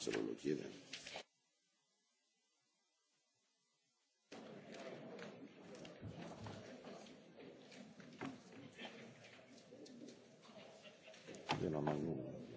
se non lo chiede. Io non